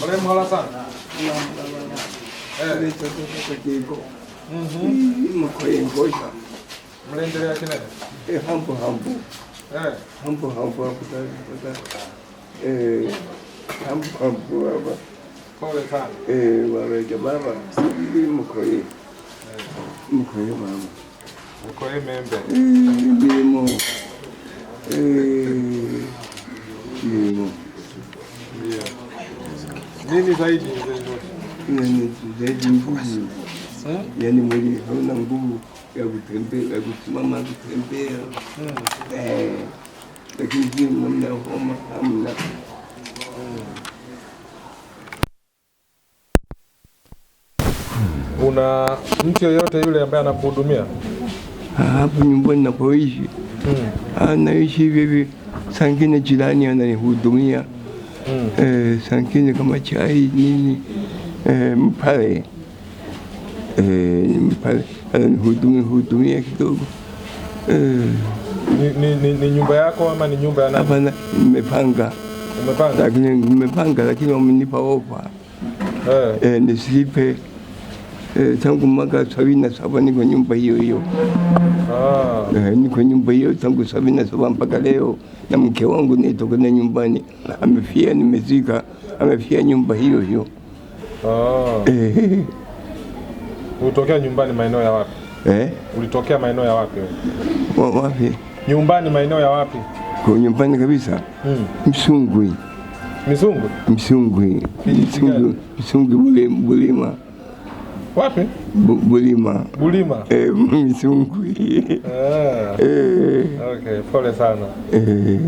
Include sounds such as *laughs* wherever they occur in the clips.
これもらさん。ええ、ちょっとかけこう。うん、今これ動いた。ブレンドで焼けない。え、半分半分。ええ、半分半分は答え答え。ええ、半分半分はこれさ。ええ、悪いけどまあまあ。今これ。今これまあまあ。これメンバー。ええ、でも。ええ。Nini zaidi zaidi nguvu, eh? yaani mwili hauna nguvu ya kutembea, ya kusimama, kutembea, hmm. eh, lakini ji namna homa hamna hmm. una mtu yoyote yule ambaye anakuhudumia ah, hapo nyumbani napoishi? Hmm. Anaishi ah, vivi, sangine jirani ananihudumia mm. E, kama chai nini e, mpale e, mpale hudumia hudumia kidogo Ni, nyumba yako ama ni nyumba ya nani? Hapana, nimepanga. Umepanga? Lakini nimepanga lakini wamenipa ofa. Eh. E, nisipe tangu mwaka sabini na saba niko nyumba hiyo hiyo ah. niko nyumba hiyo tangu sabini na saba mpaka leo, na mke wangu nitokana nyumbani, amefia, nimezika, amefia nyumba hiyo hiyo ah. Ulitokea nyumbani maeneo ya wapi? Eh? Ulitokea maeneo ya wapi? Wa, wapi? Nyumbani maeneo ya wapi? Kwa nyumbani kabisa. Mm. Msungwi. Misungwi? Msungwi. Msungwi. Msungwi Bulima. Wapi? Bu, Bulima. Bulima. *laughs* Eh, Misungwi. Ah. Eh. Okay, pole sana. Eh.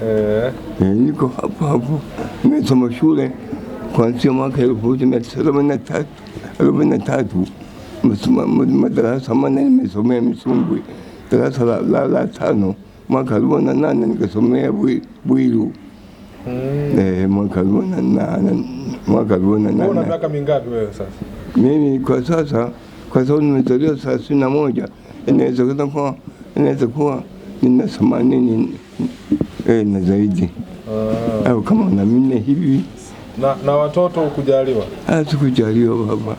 eh. Eh. niko hapo hapo. Nimesoma shule kuanzia mwaka elfu moja mia tisa arobaini na tatu arobaini na tatu madarasa manne nimesomea Misungwi, darasa la, la, la tano. Mwaka arobaini na nane nikasomea Bwiru. Mm. Eh, mwaka arobaini na nane mwaka arobaini na nane. Una miaka mingapi wewe sasa? Mimi kwa sasa, kwa sababu nimezaliwa thelathini na moja, inawezekana kuwa inaweza kuwa nina themanini eh, na zaidi ah. au kama na minne hivi. Na, na watoto kujaliwa, ah, sikujaliwa baba,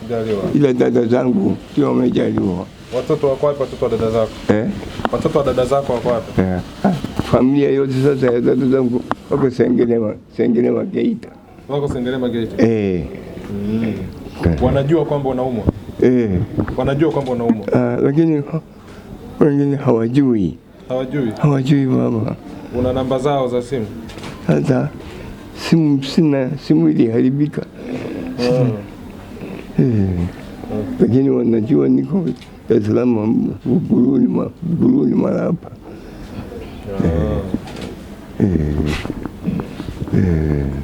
ila dada zangu ndio wamejaliwa. Watoto wako wapi? Watoto wa dada zako eh? Watoto wa dada zako wako wapi eh? Ah, familia yote sasa ya dada zangu wako Sengerema, Sengerema Geita, wako Sengerema Geita eh. Mm. Eh. wanajua kwamba unaumwa eh, wanajua kwamba unaumwa uh, lakini wengine hawajui hawajui hawajui baba. Una namba zao za simu? Sasa simu sina, simu iliharibika ah. eh. lakini wanajua niko Dar es Salaam, Buguruni mara hapa. Ah. Eh.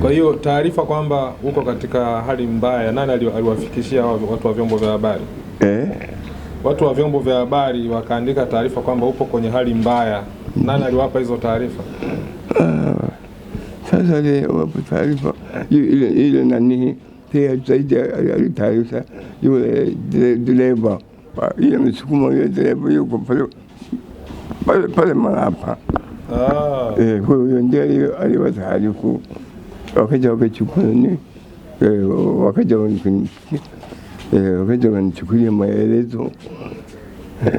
Kwa hiyo taarifa kwamba uko katika hali mbaya, nani aliwafikishia watu wa vyombo vya habari eh? Watu wa vyombo vya habari wakaandika taarifa kwamba upo kwenye hali mbaya, nani aliwapa hizo taarifa? Ah, sasa wapo taarifa ile nani pia zaidi alitaarifa yule dereva ile msukumo yule dereva yuko pale pale Malapa, huyo ah. eh, ndiye aliwataarifu wakaja wakachukua nini eh, wakaja eh, wakaja wanichukulia maelezo eh.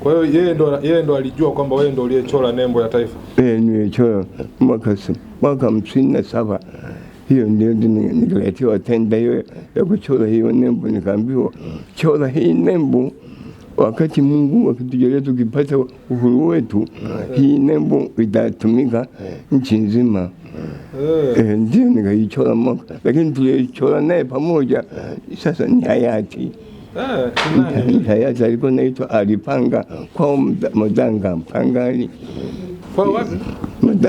kwa hiyo yeye ndo yeye ndo alijua kwamba wewe ndo uliyechora nembo ya taifa eh, nilichora mwaka mwaka hamsini na saba hiyo ndio nikaletewa tenda hiyo ya kuchora hiyo nembo, nikaambiwa chora hii nembo wakati Mungu akitujalia tukipata uhuru wetu yeah. hii nembo itatumika yeah. nchi nzima yeah. E, eh, ndio nikaichora mwaka, lakini tulichora naye pamoja yeah. Sasa ni hayati yeah. ni hayati alikuwa naitwa alipanga kwao Madanga Pangani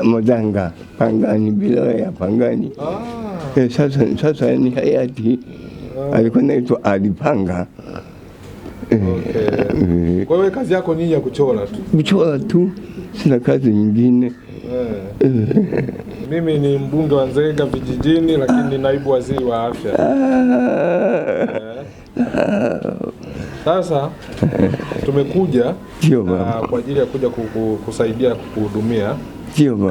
Madanga Pangani bila ya Pangani ah. E, sasa, sasa ni hayati ah. alikuwa naitwa alipanga Eh. Kwa hiyo kazi yako ni ya kuchora tu? Kuchora tu, sina kazi nyingine. Eh. Mimi ni mbunge wa Nzega vijijini lakini ni naibu waziri wa afya. Eh. Sasa tumekuja na kwa ajili ya kuja kusaidia kukuhudumia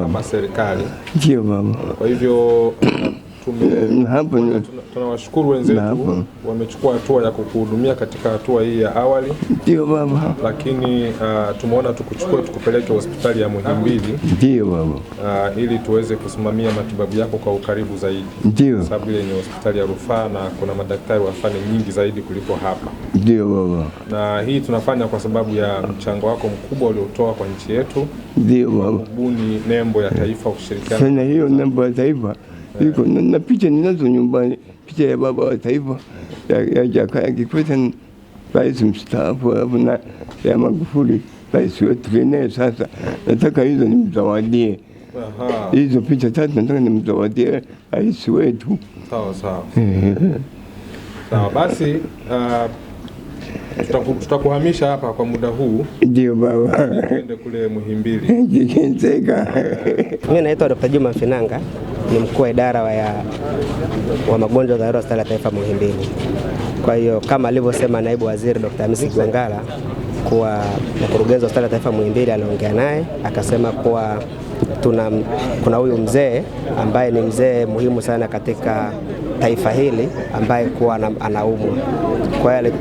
kama serikali. Ndio baba. Kwa hivyo Eh, eh, tunawashukuru wenzetu wamechukua hatua ya kukuhudumia katika hatua hii ya awali. Ndio baba. Lakini uh, tumeona tukuchukue tukupeleke hospitali ya Muhimbili. Ndio baba. Uh, ah, ili tuweze kusimamia matibabu yako kwa ukaribu zaidi. Ndio. Sababu ile ni hospitali ya rufaa na kuna madaktari wa fani nyingi zaidi kuliko hapa. Ndio baba. Na hii tunafanya kwa sababu ya mchango wako mkubwa uliotoa kwa nchi yetu. Ndio baba. nembo ya taifa kushirikiana. Sasa hiyo nembo ya taifa yuko na picha ninazo nyumbani, picha ya baba wa taifa ya Jakaya Kikwete, rais mstaafu, alafu na ya Magufuli, rais wetu tuliye sasa. Nataka hizo nimzawadie hizo picha tatu, nataka nimzawadie rais wetu. Sawa sawa. Sawa basi uh... Tutakuhamisha hapa kwa muda huu. Ndio baba. Twende kule Muhimbili. *laughs* Jikinteka. Mimi naitwa Dr. Juma Finanga ni mkuu wa idara wa, ya, wa magonjwa ya dharura hospitali ya taifa Muhimbili. Kwa hiyo kama alivyosema naibu waziri Dr. Hamisi Kigwangalla kuwa mkurugenzi wa hospitali ya taifa Muhimbili aliongea naye akasema kuwa tuna, kuna huyu mzee ambaye ni mzee muhimu sana katika taifa hili ambaye kuwa anaumwa. Kwa hiyo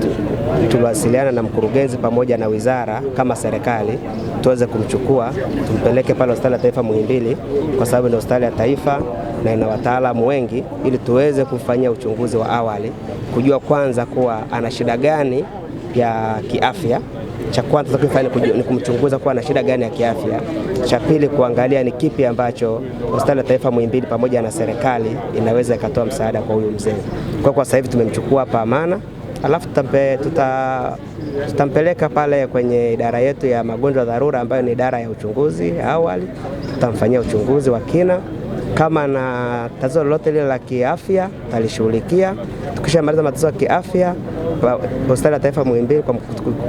tuliwasiliana na mkurugenzi pamoja na wizara kama serikali tuweze kumchukua tumpeleke pale hospitali ya taifa Muhimbili, kwa sababu ni hospitali ya taifa na ina wataalamu wengi, ili tuweze kufanyia uchunguzi wa awali kujua kwanza kuwa ana shida gani ya kiafya cha kwanza tunachofanya ni kumchunguza kuwa na shida gani ya kiafya. Cha pili kuangalia ni kipi ambacho hospitali ya taifa Muhimbili pamoja na serikali inaweza ikatoa msaada kwa huyu mzee. Kwa kwa sasa hivi tumemchukua hapa Amana, alafu tuta, tutampeleka pale kwenye idara yetu ya magonjwa dharura ambayo ni idara ya uchunguzi awali, tutamfanyia uchunguzi wa kina. Kama na tatizo lolote lile la kiafya talishughulikia. Tukishamaliza matatizo ya kiafya, hospitali ya taifa Muhimbili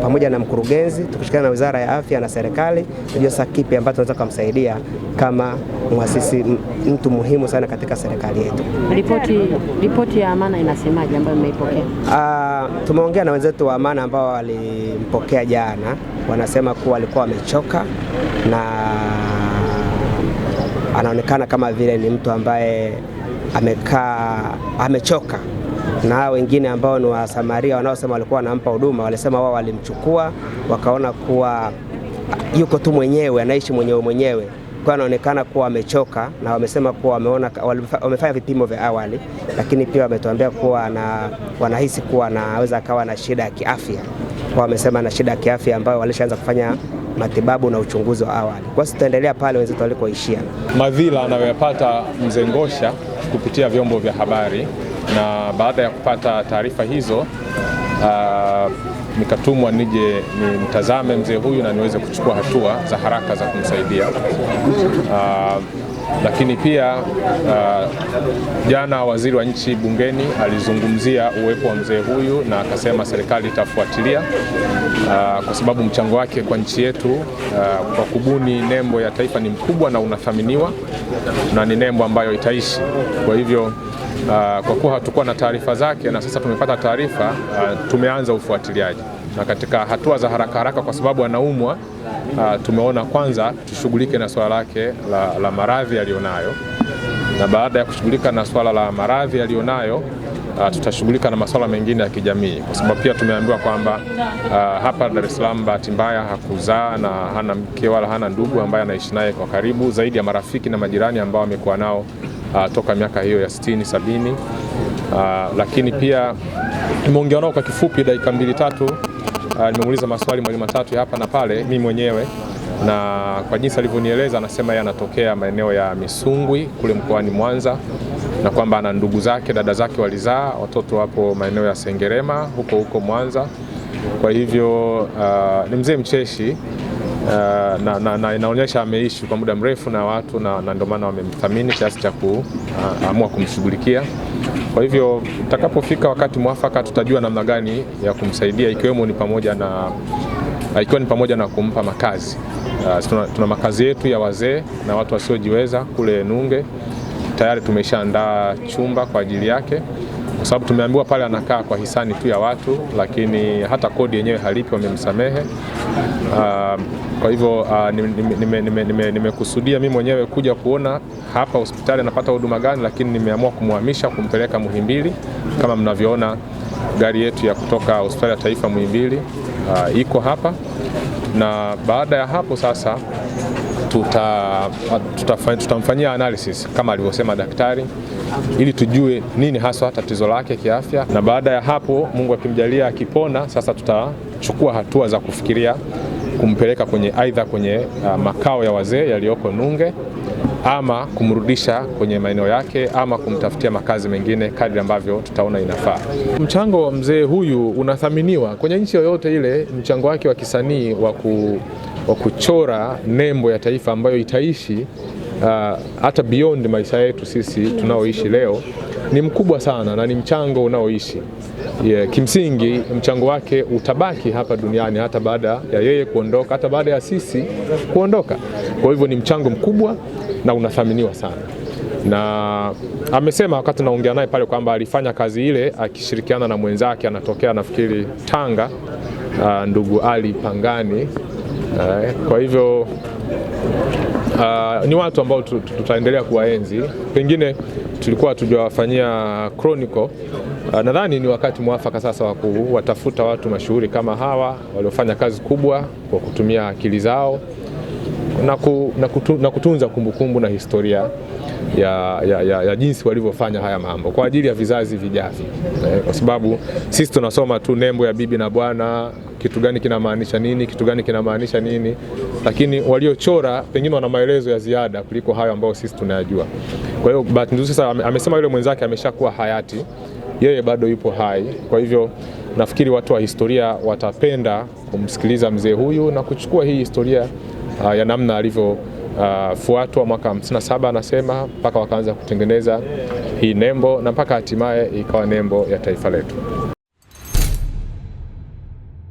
pamoja na mkurugenzi, tukishikana na wizara ya afya na serikali, tujue sasa kipi ambacho tunaweza kumsaidia kama muasisi, mtu muhimu sana katika serikali yetu. Ripoti, ripoti ya Amana inasemaje ambayo mmeipokea? Ah, tumeongea na wenzetu wa Amana ambao walimpokea jana, wanasema kuwa walikuwa wamechoka na anaonekana kama vile ni mtu ambaye amekaa amechoka na wengine ambao ni Wasamaria wanaosema walikuwa wanampa huduma walisema wao walimchukua wakaona kuwa yuko tu mwenyewe anaishi mwenyewe mwenyewe, kwa anaonekana kuwa amechoka, na wamesema kuwa wameona wamefanya vipimo vya awali, lakini pia wametuambia kuwa na, wanahisi kuwa anaweza akawa na shida ya kiafya. Kwa wamesema na shida ya kiafya ambayo walishaanza kufanya matibabu na uchunguzi wa awali. Kwa hiyo tutaendelea pale wenzetu walikoishia. Madhila anayoyapata mzee Ngosha kupitia vyombo vya habari, na baada ya kupata taarifa hizo uh, nikatumwa nije nimtazame mzee huyu na niweze kuchukua hatua za haraka za kumsaidia uh, lakini pia uh, jana waziri wa nchi bungeni alizungumzia uwepo wa mzee huyu na akasema serikali itafuatilia uh, kwa sababu mchango wake kwa nchi yetu uh, kwa kubuni nembo ya taifa ni mkubwa na unathaminiwa na ni nembo ambayo itaishi. Kwa hivyo uh, kwa kuwa hatukuwa na taarifa zake na sasa tumepata taarifa uh, tumeanza ufuatiliaji na katika hatua za haraka haraka, kwa sababu anaumwa uh, tumeona kwanza tushughulike na swala lake la, la maradhi aliyonayo, na baada ya kushughulika na swala la maradhi aliyonayo Uh, tutashughulika na masuala mengine ya kijamii kwa sababu pia tumeambiwa kwamba uh, hapa Dar es Salaam bahati mbaya hakuzaa na hana mke wala hana ndugu ambaye anaishi naye kwa karibu zaidi ya marafiki na majirani ambao amekuwa nao uh, toka miaka hiyo ya 60 sabini. Uh, lakini pia tumeongea nao kwa kifupi dakika mbili tatu uh, maswali mwalimu matatu hapa na pale mimi mwenyewe, na kwa jinsi alivyonieleza anasema yeye anatokea maeneo ya Misungwi kule mkoani Mwanza na kwamba ana ndugu zake dada zake walizaa watoto wapo maeneo ya Sengerema huko huko Mwanza. Kwa hivyo uh, ni mzee mcheshi Eh, na, na, na inaonyesha ameishi kwa muda mrefu na watu na, na ndio maana wamemthamini kiasi cha kuamua kumshughulikia. Kwa hivyo utakapofika wakati mwafaka tutajua namna gani ya kumsaidia ikiwemo ni pamoja na ikiwa ni pamoja na kumpa makazi. Uh, tuna, tuna makazi yetu ya wazee na watu wasiojiweza kule Nunge, tayari tumeshaandaa chumba kwa ajili yake kwa sababu tumeambiwa pale anakaa kwa hisani tu ya watu, lakini hata kodi yenyewe halipi, wamemsamehe. Uh, kwa hivyo uh, nimekusudia nime, nime, nime, nime mimi mwenyewe kuja kuona hapa hospitali anapata huduma gani, lakini nimeamua kumhamisha kumpeleka Muhimbili. Kama mnavyoona gari yetu ya kutoka hospitali ya taifa Muhimbili uh, iko hapa, na baada ya hapo sasa tutamfanyia tuta, tuta analysis kama alivyosema daktari ili tujue nini haswa tatizo lake kiafya, na baada ya hapo Mungu akimjalia akipona, sasa tutachukua hatua za kufikiria kumpeleka kwenye aidha kwenye uh, makao ya wazee yaliyoko Nunge ama kumrudisha kwenye maeneo yake ama kumtafutia makazi mengine kadri ambavyo tutaona inafaa. Mchango wa mzee huyu unathaminiwa kwenye nchi yoyote ile, mchango wake wa kisanii wa ku wa kuchora nembo ya taifa ambayo itaishi uh, hata uh, beyond maisha yetu sisi tunaoishi leo ni mkubwa sana na ni mchango unaoishi yeah. Kimsingi mchango wake utabaki hapa duniani hata baada ya yeye kuondoka, hata baada ya sisi kuondoka. Kwa hivyo ni mchango mkubwa na unathaminiwa sana, na amesema wakati naongea naye pale kwamba alifanya kazi ile akishirikiana na mwenzake anatokea nafikiri Tanga, uh, ndugu Ali Pangani eh, kwa hivyo uh, ni watu ambao tutaendelea kuwaenzi. Pengine tulikuwa hatujawafanyia chronicle. Uh, nadhani ni wakati mwafaka sasa wa kuwatafuta watu mashuhuri kama hawa waliofanya kazi kubwa kwa kutumia akili zao na, ku, na, kutu, na kutunza kumbukumbu na historia ya, ya, ya, ya jinsi walivyofanya haya mambo kwa ajili ya vizazi vijavyo, eh, kwa sababu sisi tunasoma tu nembo ya bibi na bwana kitu gani kinamaanisha nini, kitu gani kinamaanisha nini, lakini waliochora pengine wana maelezo ya ziada kuliko hayo ambayo sisi tunayajua. Kwa hiyo bahati nzuri sasa amesema yule mwenzake ameshakuwa hayati, yeye bado yupo hai, kwa hivyo nafikiri watu wa historia watapenda kumsikiliza mzee huyu na kuchukua hii historia uh, ya namna alivyo Uh, fuatwa mwaka 57 anasema mpaka wakaanza kutengeneza hii nembo na mpaka hatimaye ikawa nembo ya taifa letu.